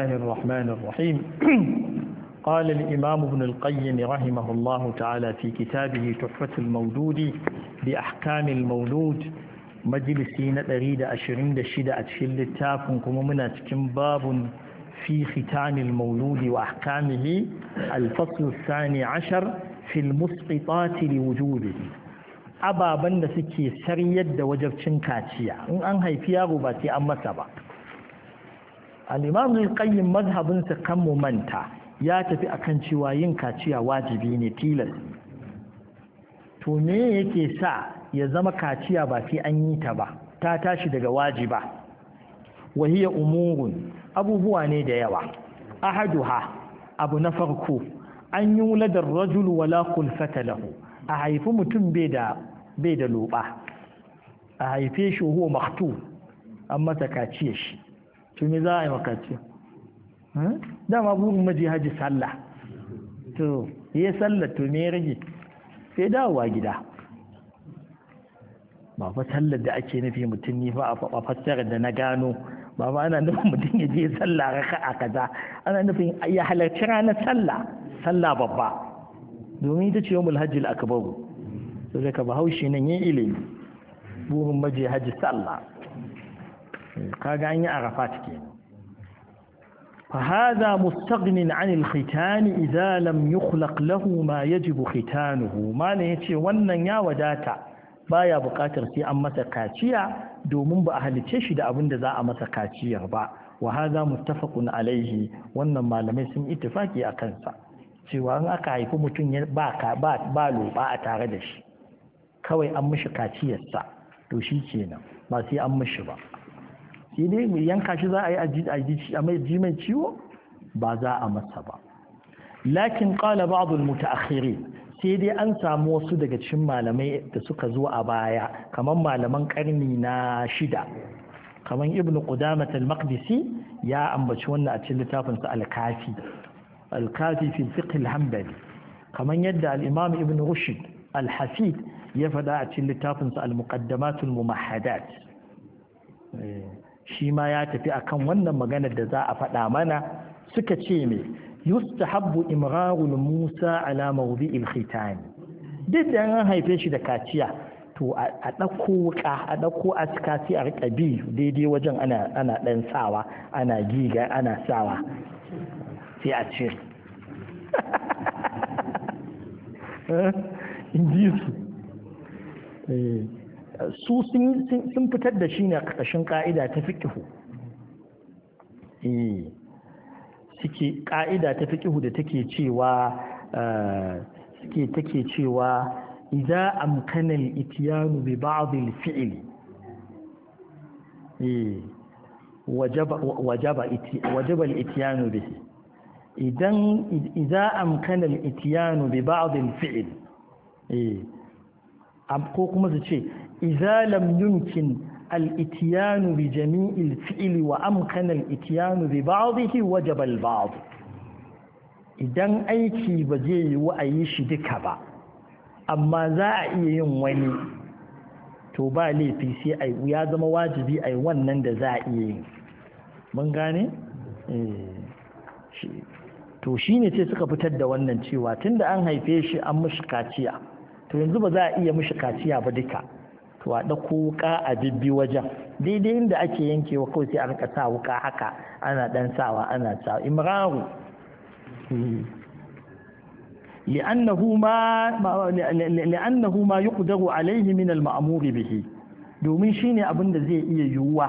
الله الرحمن الرحيم قال الإمام ابن القيم رحمه الله تعالى في كتابه تحفة المولود بأحكام المولود مجلسي نتريد أشرين دشدة أتشل التافن كممنا تكن باب في ختان المولود وأحكامه الفصل الثاني عشر في المسقطات لوجوده أبا بند سكي سريد وجب شنكاتيا أنهي فيها غباتي أما سبق al-imam mazhabinsa qayyim kan mu manta ya tafi akan cewa yin kaciya wajibi ne tilas to me yake sa ya zama kaciya ba sai an yi ta ba ta tashi daga wajiba wa hiya umurun abubuwa ne da yawa ahaduha abu na farko an yi wuladar rajul wala kulfata lahu a haifi mutum bai da loba a haife shi huwa maktu an masa kaciya shi to me za a yi makaci hmm? dama burin maji haji sallah to ya sallah to me rage sai dawowa gida ba fa sallar da ake nufi mutum ni fa a fassara da na gano ba ba ana nufin mutum ya je sallah raka a kaza ana nufin ya halarci ranar sallah sallah babba domin ita ce yawmul Hajji akbaru sai ka bahaushe nan yin ilimi burin maje haji sallah kaga an yi arafat kenan فهذا مستغن عن الختان lam لم يخلق له ما يجب ختانه ya ce wannan ya wadata baya buƙatar sai an masa kaciya domin ba a halice shi da abin da za a masa kaciyar ba wa hadha muttafaqun alaihi wannan malamai sun ittifaki a kansa cewa in aka haifi mutum ba ka ba ba a tare da shi kawai an mishi kaciyarsa to shi kenan ba sai an mishi ba sai dai mai yanka shi za a yi a mai jimin ciwo ba za a masa ba lakin qala ba'd al-mutaakhirin sai dai an samu wasu daga cikin malamai da suka zo a baya kamar malaman karni na shida kamar ibn qudamah al-maqdisi ya ambaci wannan a cikin littafin sa al-kafi al-kafi fi fiqh al-hanbali kamar yadda al-imam ibn rushd al-hafid ya faɗa a cikin littafin sa al-muqaddamat al shi ma ya tafi akan wannan maganar da za a faɗa mana suka ce me yustahabbu Imrarul musa ala mawdi'il khitan duk da an haife shi da kaciya to a ɗauko wuka a aska sai a rika bi daidai wajen ana ana dan sawa ana giga ana sawa sai a ce eh, in ji su eh. su sun fitar da shi ne a ƙarƙashin ƙa'ida ta fiƙihu eh, suke ƙa'ida ta fiƙihu da take cewa eh, suke take cewa idza amkana itiyanu ityanu bi ba'd al-fi'li eh, wajaba wajaba al-ityanu bihi idan iza amkana al-ityanu bi ba'd al-fi'l ko kuma su ce إذا لم يمكن الاتيان بجميع الفعل وأمكن الاتيان ببعضه idan aiki ba zai yi shi duka ba amma za a iya yin wani to ba laifi sai ya zama wajibi a wannan da za a iya yi mun gane? to shi ne sai suka fitar da wannan cewa tun da an haife shi an mashi kaciya to yanzu ba za a iya mashi kaciya ba duka to a ɗauko wuƙa a bibbi wajen daidai inda ake yankewa kawai sai an rika sa wuƙa haka ana ɗan sawa ana sawa imraru li'annahu ma ma yuqdaru alayhi min al bihi domin shine abin da zai iya yiwuwa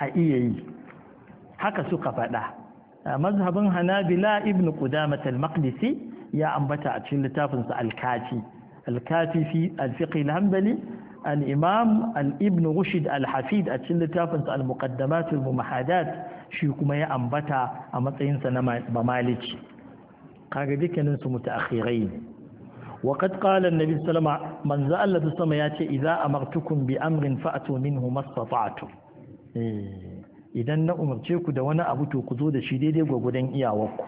a iya yi haka suka faɗa mazhabin hanabila ibn qudamah al-maqdisi ya ambata a cikin littafinsa al-kafi al-kafi fi al-fiqh al-hanbali al al’ibn rushid al-hafid a cikin littafinsa al-muqaddamatul muhadat shi kuma ya ambata a matsayinsa na mamaliki kaga dukkanin su mutaakhirai wa qad qala an-nabi sallama man za Allah ta sama yace idza amartukum bi amrin fa'tu minhu mastata'tum idan na umarce ku da wani abu to ku zo da shi daidai gwagudan iyawarku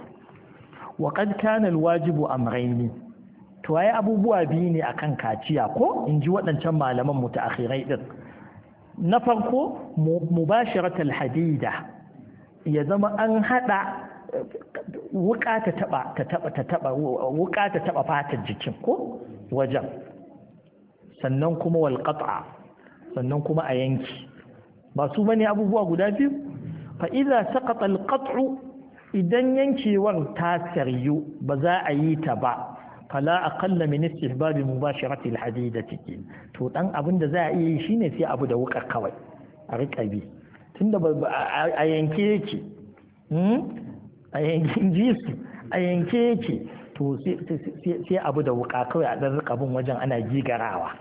wa qad kana al-wajibu to ai abubuwa biyu ne akan kaciya ko in ji waɗancan malaman mutaakhirai din na farko mubashiratul hadida ya zama an hada wuka ta taba ta taba ta taba wuka ta taba fatar jikin ko wajen sannan kuma wal qat'a sannan kuma a yanki ba su bane abubuwa guda biyu fa idza saqata al qat'u idan yankewar ta saryu ba za a yi ta ba fala aqalla min istihbab mubasharati alhadidati to dan abin da za a iya yi shine sai abu da wuka kawai a rika bi tunda a yanke yake a yankin jisu a yanke yake to sai abu da wuka kawai a dan rika bin wajen ana gigarawa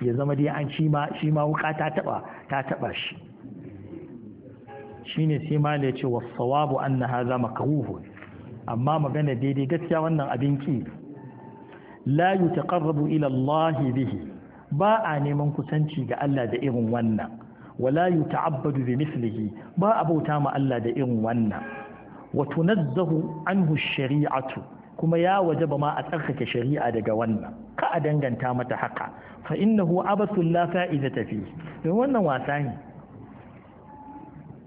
ya zama dai an shi ma shi ma wuka ta taba ta taba shi shine sai malai ce wasawabu sawabu anna hadha makruhun amma magana daidai gaskiya wannan abin ki la yutaqarrabu ila Allah bihi ba a neman kusanci ga Allah da irin wannan wala yuta'abbadu bi mislihi ba a bauta ma Allah da irin wannan wa tunazzahu anhu shari'atu kuma ya wajaba ma a tsarkake shari'a daga wannan ka a danganta mata haka fa innahu abasul la fa'idata fi wannan wasa ne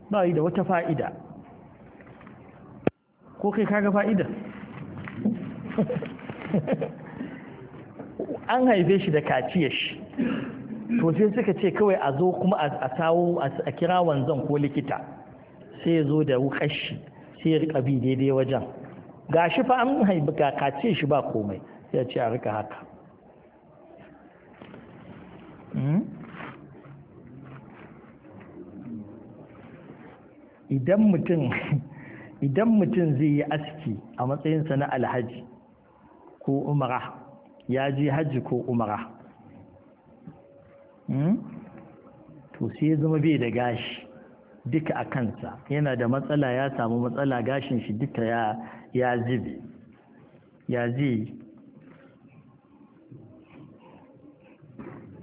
ba yi da wata fa'ida ko kai kaga fa'ida an haife shi da kaciyar shi to sai suka ce kawai a zo kuma a tawo a kira wanzan ko likita sai zo da wukar shi sai ya rika bi daidai wajen ga shi fa an haifi ga shi ba komai sai ya ce a rika haka hmm? idan mutum idan mutum zai yi aski a matsayinsa na alhaji ko umara ya je hajji ko umara hmm? to sai ya zama bai da gashi duka a kansa yana da matsala ya samu matsala gashin shi duka ya ya zai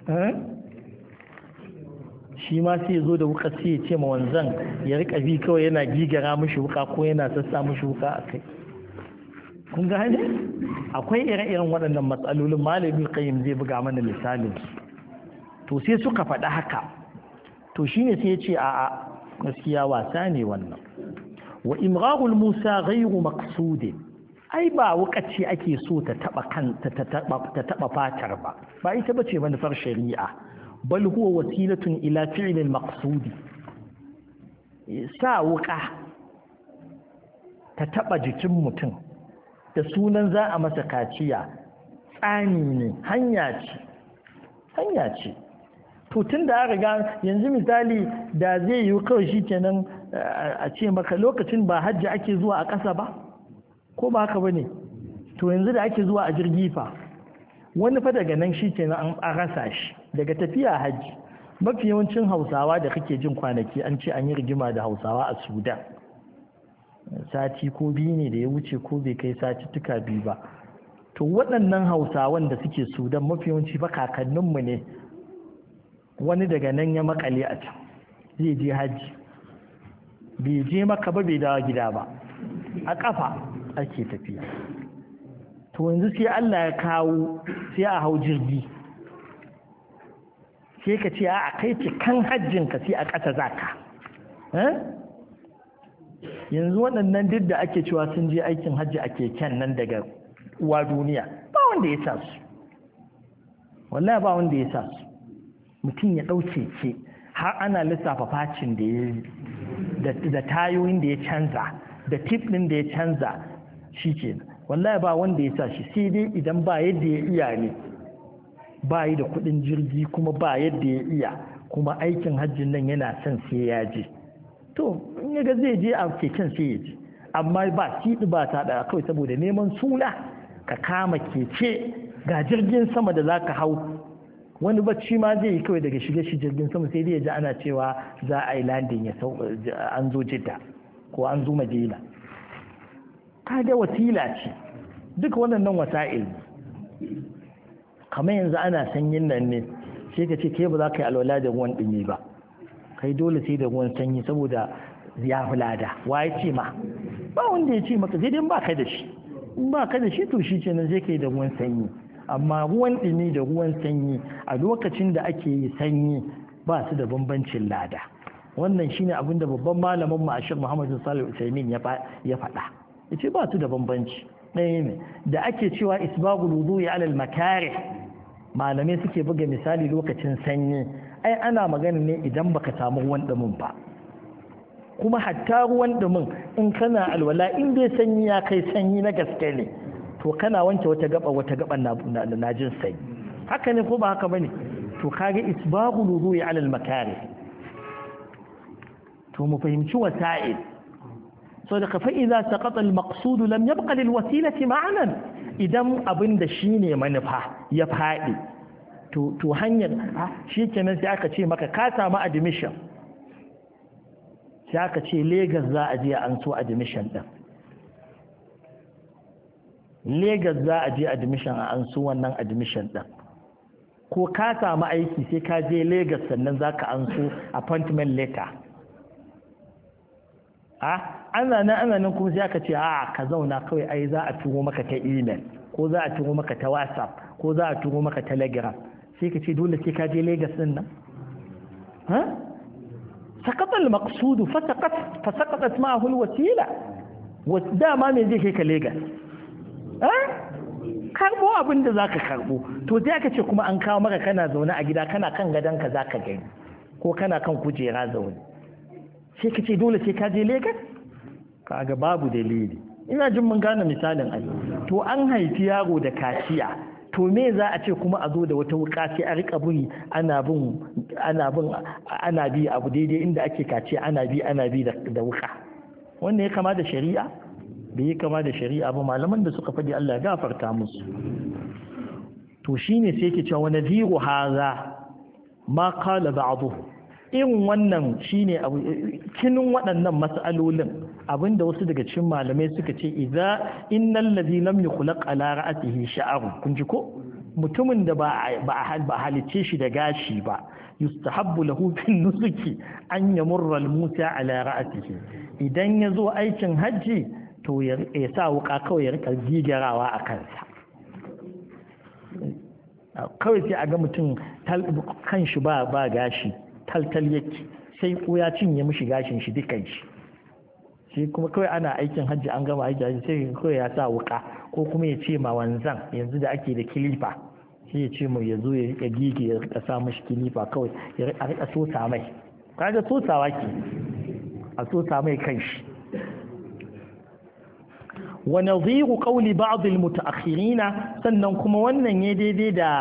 eh? shi ma sai ya zo da wuka sai ya ce ma wanzan ya rika bi kawai yana gigara mushi wuka ko yana sassa mushi wuka a kai kun ga akwai ire-iren waɗannan matsalolin malamin kayan zai buga mana misalin to sai suka faɗi haka to ne sai ya ce a'a gaskiya wasa ne wannan wa imrahul musa ghayru maqsudin ai ba wuka wukaci ake so ta taba kan ta taba fatar ba ba ita bace manufar shari'a bal huwa wasilatun ila fi'lil maqsudi sa wuka ta taba jikin mutum da sunan za a masa kaciya tsani ne hanya ce hanya ce to tun da ga yanzu misali da zai yi kawai shi kenan a ce maka lokacin ba hajji ake zuwa a ƙasa ba ko ba haka bane to yanzu da ake zuwa a jirgi fa wani fa daga nan shi kenan an rasa shi daga tafiya hajji mafi yawancin hausawa da kake jin kwanaki an ce an yi rigima da hausawa a sudan sati ko biyu ne da ya wuce ko bai kai sati tuka biyu ba to waɗannan hausawan da suke sudan mafi yawanci ba kakanninmu ne wani daga nan ya makale a can zai je hajji bai je maka ba bai dawo gida ba a ƙafa ake tafiya to yanzu sai allah ya kawo sai a hau jirgi sai ka ce a kai cikan hajjin ka sai a ƙasa zaka eh? yanzu waɗannan duk da ake cewa sun je aikin hajji a keken nan daga uwa duniya ba wanda ya sa su wallahi ba wanda ya sa su mutum ya ɗauke ke har ana lissafa facin da ya da tayoyin da ya canza da tip ɗin da ya canza shi ke wallahi ba wanda ya sa shi sai dai idan ba yadda ya iya ne ba yi da kuɗin jirgi kuma ba yadda ya iya kuma aikin hajjin nan yana son sai ya je to in ya ga zai je a keken sai ya je amma ba shi ba ta da kawai saboda neman suna ka kama keke ga jirgin sama da zaka hau wani bacci ma zai yi kawai daga shige shi jirgin sama sai dai ya ji ana cewa za a yi landin ya sau an zo jidda ko an zo madina ka da wasila ce duka waɗannan wasa'il kamar yanzu ana sanyin nan ne sai ka ce ke ba za ka yi alwala da ruwan ɗumi ba kai dole sai da ruwan sanyi saboda ya lada wa ya ce ma ba wanda ya ce maka sai dai ba ka da shi in ba ka da shi to shi ce nan sai ka yi da ruwan sanyi amma ruwan ɗumi da ruwan sanyi a lokacin da ake yi sanyi ba su da bambancin lada wannan shine abin da babban malamin mu Ashir Sallallahu Alaihi Wasallam ya faɗa yace ba su da bambanci ɗaya ne da ake cewa isbagul wudu'i alal makarih malamai suke buga misali lokacin sanyi ai ana magana ne idan baka samu ruwan dumin ba kuma hatta ruwan ɗumin in kana alwala in bai sanyi ya kai sanyi na gaske ne to kana wanke wata gaba wata gaba na jin sanyi haka ne ko ba haka bane to kage isbahu wudu'i ala alal makari to mu fahimci wasa'il so da kafa idza saqata al-maqsud lam yabqa lil wasilati ma'anan idan abin da shi ne manufa ya faɗi to hanyar ah, shi kenan sai aka ce maka ka samu admission sai aka ce Legas za a je an so admission ɗin Legas za a je admission a an so wannan admission ɗin ko ka samu aiki sai ka je Legas sannan za ka an so appointment letter a ana nan ana nan kuma sai aka ce a ka zauna kawai ai za a turo maka ta email ko za a turo maka ta whatsapp ko za a turo maka telegram sai ka ce dole sai ka je Legas din nan ha sakata al-maqsud fa saqat fa ma ma'ahu al-wasila wa dama me zai kai ka Legas ha karbo abin da zaka karbo to sai aka ce kuma an kawo maka kana zaune a gida kana kan gadon ka zaka gani ko kana kan kujera zaune sai ka ce dole sai ka je Legas kaga babu dalili ina jin mun gane misalin ai to an haifi yaro da kaciya to me za a ce kuma a zo da wata wuka sai a rika buri ana bin ana bin ana bi abu daidai inda ake kaciya ana bi ana bi da wuka wannan ya kama da shari'a bai yi kama da shari'a ba malaman da suka faɗi Allah ya gafarta musu to shine sai ke cewa nadhiru haza ma qala ba'dhu irin wannan shine kinin waɗannan mas'alolin abinda wasu daga cikin malamai suka ce idza innal ladhi lam yukhlaq ala ra'atihi sha'ar kun ji ko mutumin da ba ba halice shi da gashi ba yustahabbu lahu bin nusuki an yamurra al-musa ala ra'atihi idan ya zo aikin hajji to ya sa wuka kawai ya rika gigarawa a kansa kawai sai a ga mutum kan shi ba gashi taltal yake sai ko ya cinye mishi gashin shi duka shi shi kuma kawai ana aikin hajji an gama aiki hajji sai kawai ya sa wuka ko kuma ya ce ma wanzan yanzu da ake da kilifa sai ya ce mai ya zo ya rika gigi ya rika sa mishi kilifa kawai ya rika sosa mai kaga sosawa ke a sosa mai kan shi wa nadhiru qawli ba'd al mutaakhirina sannan kuma wannan ya daidai da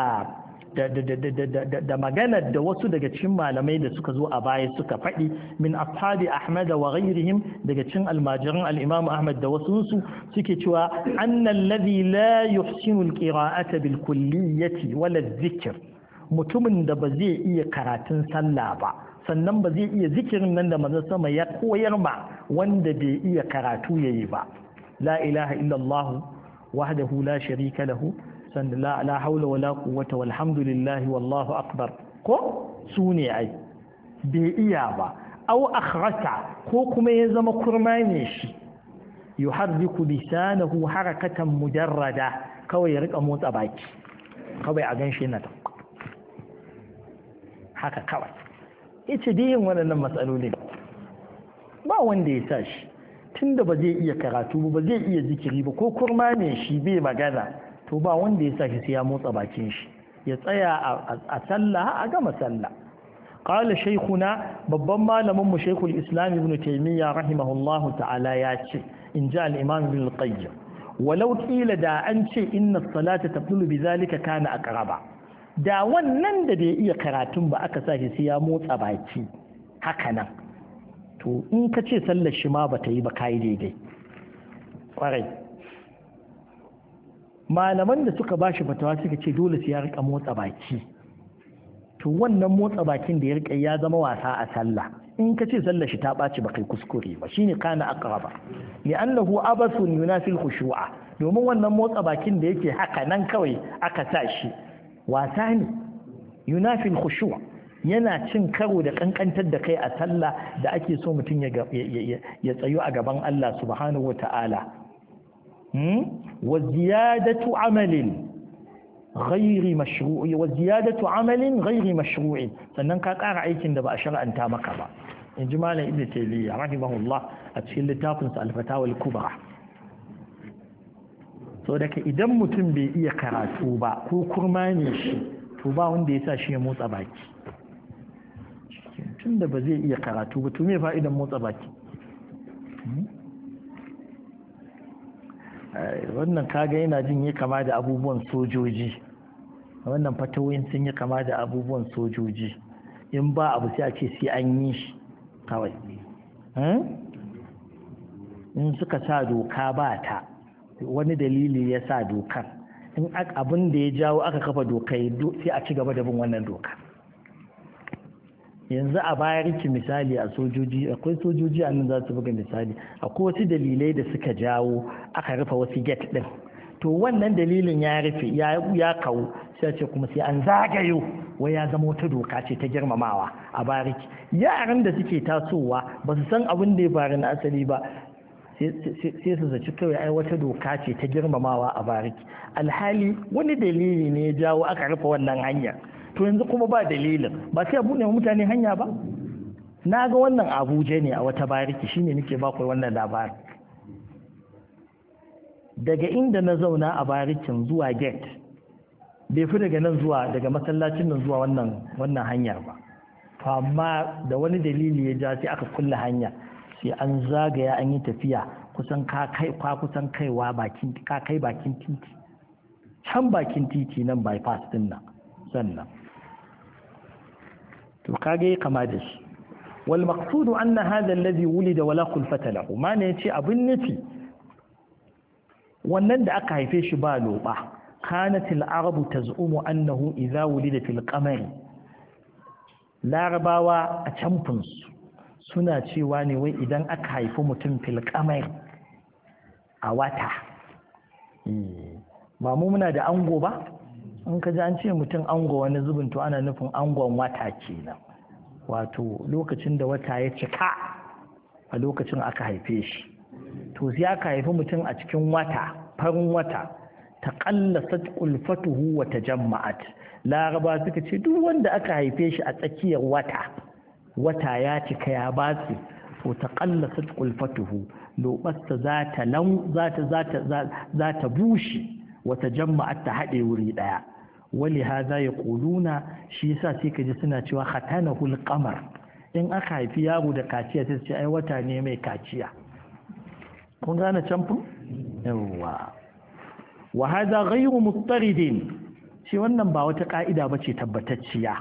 da maganar da wasu daga cikin malamai da suka zo a baya suka faɗi min ashabi ahmad wa ghayrihim daga cikin almajiran al-imam ahmad da wasu su suke cewa annal ladhi la yuhsinu al-qira'ata bil kulliyati wala dhikr mutumin da ba zai iya karatun sallah ba sannan ba zai iya zikirin nan da manzon sama ya koyar ma wanda bai iya karatu yayi ba la ilaha illallah wahdahu la sharika lahu sannan la la haula wala quwwata walhamdulillahi wallahu akbar ko sune ai bai iya ba au akhrata ko kuma ya zama kurma ne shi yuharriku lisanahu harakatan mujarrada kawai ya rika motsa baki kawai a ganshi na ta haka kawai ita dai yin waɗannan matsalolin ba wanda ya sa shi tunda ba zai iya karatu ba zai iya zikiri ba ko kurma ne shi bai magana to ba wanda ya sashi sai ya motsa bakin shi ya tsaya a sallah a gama sallah qala shaykhuna babban malamin mu shaykhul islam ibn taymiya rahimahullahu ta'ala ya ce in ja al-imam ibn qayyim walau qila da an ce inna salata tabdulu bizalika kana aqraba da wannan da bai iya karatun ba aka sashi sai ya motsa baki haka nan to in ka ce sallar shi ma bata yi ba kai daidai kwarai malaman da suka bashi fatawa suka ce dole su ya rika motsa baki to wannan motsa bakin da ya rika ya zama wasa a sallah in ka ce sallah shi ta ɓaci ba kai kuskure ba shine kana aqraba li annahu abasun yunafil khushu'a domin wannan motsa bakin da yake haka nan kawai aka sa shi wasa ne yunafil khushu'a yana cin karo da kankantar da kai a sallah da ake so mutum ya tsayo a gaban Allah subhanahu wa ta'ala وزيادة عمل غير مشروع وزيادة عمل غير مشروع sannan ka kara aikin da ba a shar'anta maka ba in ji malam ibnu taymiyyah rahimahullah a cikin littafin sa al-fatawa al-kubra so daga idan mutum bai iya karatu ba ko kurma ne shi to ba wanda ya sa shi ya motsa baki tunda ba zai iya karatu ba to me fa'idan motsa baki hmm? Eh, wannan kaga yana jin ya kama da abubuwan sojoji wannan fatawoyin sun yi kama da abubuwan sojoji in ba abu sai a ce sai an yi shi kawai eh? in suka sa doka ba ta wani dalili ya sa dokar in abin da ya jawo aka kafa dokai sai a ci gaba da bin wannan doka yanzu a bariki misali a sojoji akwai sojoji a nan za su buga misali akwai wasu dalilai da suka jawo aka rufe wasu get din to wannan dalilin ya rufe ya kawo sai ce kuma sai an zagayo wai ya zama wata doka ce ta girmamawa a bariki yaran da suke tasowa ba su san abin da ya faru na asali ba sai su zaci kawai ai wata doka ce ta girmamawa a bariki alhali wani dalili ne ya jawo aka rufe wannan hanyar to yanzu kuma ba dalilin ba sai a buɗe mutane hanya ba na ga wannan abuja ne a wata bariki shine nake bakwai wannan labarin daga inda na zauna a barikin zuwa gate bai fi daga nan zuwa daga masallacin nan zuwa wannan hanyar ba to amma da wani dalili ya ja sai aka kulle hanya sai an zagaya an yi tafiya kusan ka kai kaiwa bakin ka kai bakin titi can bakin titi nan bypass din nan sannan to kage kama da shi wal maqsudu anna hadha alladhi wulida wala khulfata lahu mana yace abin nufi wannan da aka haife shi ba loba kanat arabu tazumu annahu idha wulida fil qamari larabawa a camfin su suna cewa ne wai idan aka haifi mutum fil qamari a wata eh, ba mu muna da ango ba in ka ji an ce mutum ango wani zubin to ana nufin angon wata kenan wato lokacin da wata ya cika a lokacin aka haife shi to sai aka haifi mutum a cikin wata farin wata ta taƙallasat ulfatuhu wata tajamma'at laraba suka ce duk wanda aka haife shi a tsakiyar wata wata ya cika ya batse to taƙallasat ulfatuhu Lobasta za ta bushe wata jamma'a ta haɗe wuri ɗaya wali haza ya kuluna shi yasa sai ka ji suna cewa hatana al in aka haifi yaro da kaciya sai ce ai wata ne mai kaciya kun gane canfu Yawa. wa haza ghayru muttaridin shi wannan ba wata ka'ida bace tabbatacciya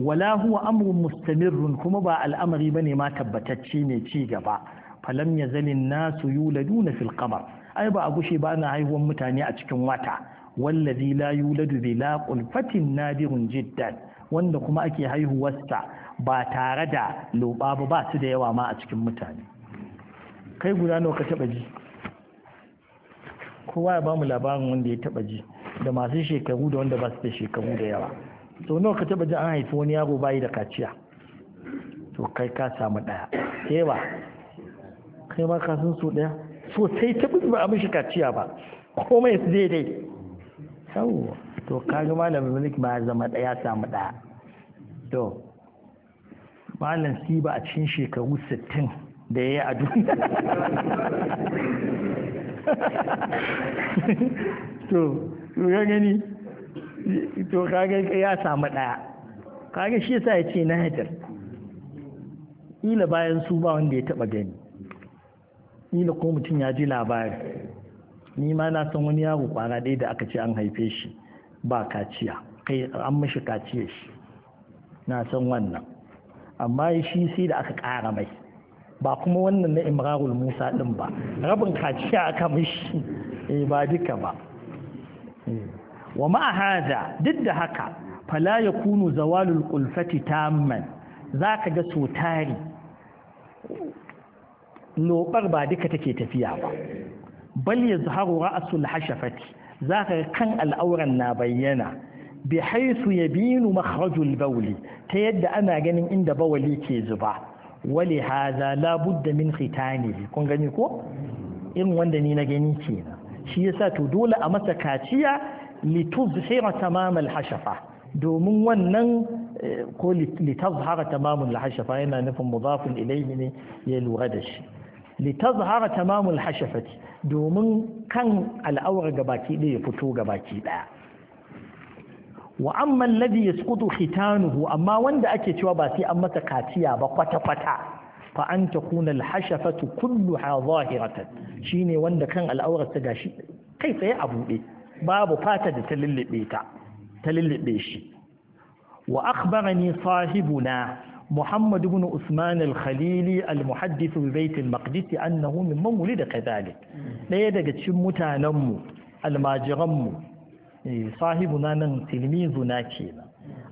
wala huwa amrun mustamirrun kuma ba al'amari bane ma tabbatacci ne ci gaba falam yazalin nasu yuladuna fil qamar ai ba a gushe ba ana haihuwar mutane a cikin wata wallazi la yuladu bi laqul fatin nadirun jiddan wanda kuma ake haihuwarsa ba tare da loba ba ba su da yawa ma a cikin mutane kai guda nawa ka taba ji kowa ya ba mu labarin wanda ya taba ji da masu shekaru da wanda ba su da shekaru da yawa To nawa ka taba ji an haifi wani yaro bayi da kaciya to kai ka samu daya yawa kai ma ka san so daya so sai ta ba a mishi kaciya ba komai daidai yawwa to kaga malamin mulki ba zama daya samu ɗaya to malam si ba a cikin shekaru sittin da ya yi a duniya to ya gani to kaga ya samu ɗaya kaga shi yasa ya ce na hajar ila bayan su ba wanda ya taɓa gani ila ko mutum ya ji labari ni ma na san wani yaro kwana ɗaya da aka ce an haife shi ba kaciya kai an mashi kaciya shi na san wannan amma shi sai da aka ƙara mai ba kuma wannan na imrarul musa ɗin ba rabin kaciya aka mashi eh, ba duka ba eh. wa haza duk da haka fala ya kunu zawalul kulfati tamman za ka ga tsotari. tari lobar ba duka take tafiya ba bal yazharu ra'sul hashafati zaka kan al'auran na bayyana bi ya binu makhrajul bawli ta yadda ana ganin inda bawali ke zuba wali haza la budda min khitanihi kun gani ko irin wanda ni na gani kenan shi yasa to dole a masa kaciya lituzhira tamam al-hashafa domin wannan eh, ko litazhara tamam al-hashafa yana nufin mudafun ilayhi ne ya lura da shi litazhara tamamul hashafati domin kan al'awar gabaki ɗaya ya fito gabaki ɗaya wa amma alladhi yasqutu khitanuhu amma wanda ake cewa ba sai an masa kaciya ba kwata kwata fa an takuna alhashafatu kulluha zahiratan shine wanda kan al'aurar ta gashi kai tsaye a buɗe babu fata da ta lullube ta ta lullube shi wa akhbarani sahibuna محمد بن عثمان الخليلي المحدث ببيت المقدس أنه من ولد كذلك لا يدقى شمتا نمو الماجرمو صاحبنا من تلميذنا كينا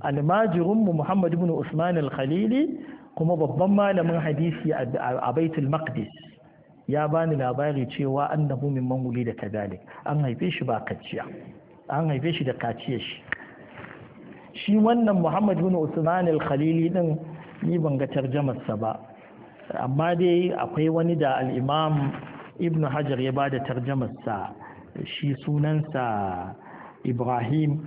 الماجرم محمد بن عثمان الخليلي kuma babban malamin hadisi a baitul maqdis ya bani labari cewa annahu min wuli da kadalik an haife shi ba kaciya an haife shi da kaciya shi shi wannan muhammad bin usman alKhalili ni ban ga tarjamarsa ba amma dai akwai wani da al'imam ibn hajar ya bada da tarjamarsa shi sunansa ibrahim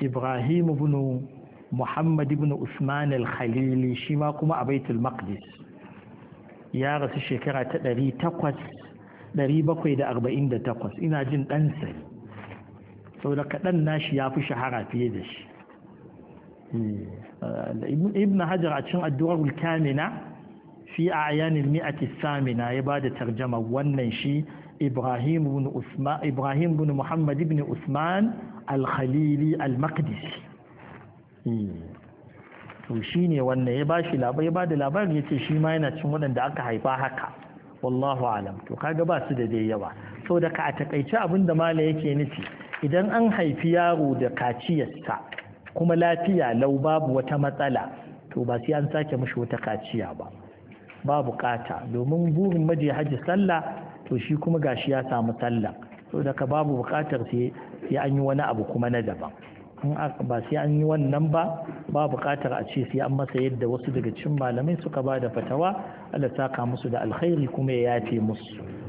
ibrahim ibn muhammad ibn usman al-khalili shi ma kuma a baitul maqdis ya rasu shekara ta 748 ina jin ɗansa sau kaɗan nashi ya fi shahara fiye da shi Eh, ibn hajar a cin addu'ar kamina fi ayanin mi'ati samina ya ba da tarjama wannan shi ibrahim bin muhammad ibn usman al-khalili al maqdis eh, to shi ne wannan ya shi labar ya bada ya ce shi ma yana cin waɗanda aka haifa haka wallahu alam to kaga ba su da dai yawa da ka a takaice abinda mala yake nufi idan an haifi yaro da kaciyarsa kuma lafiya lau babu wata matsala to ba sai an sake mashi wata kaciya ba ba bukata domin burin maje hajji sallah to shi kuma gashi ya samu sallah to daga babu bukatar sai an yi wani abu kuma na daban in ba sai an yi wannan ba ba bukatar a ce sai an masa yadda wasu daga cikin malamai suka ba da fatawa Allah saka musu da alkhairi kuma ya yafe musu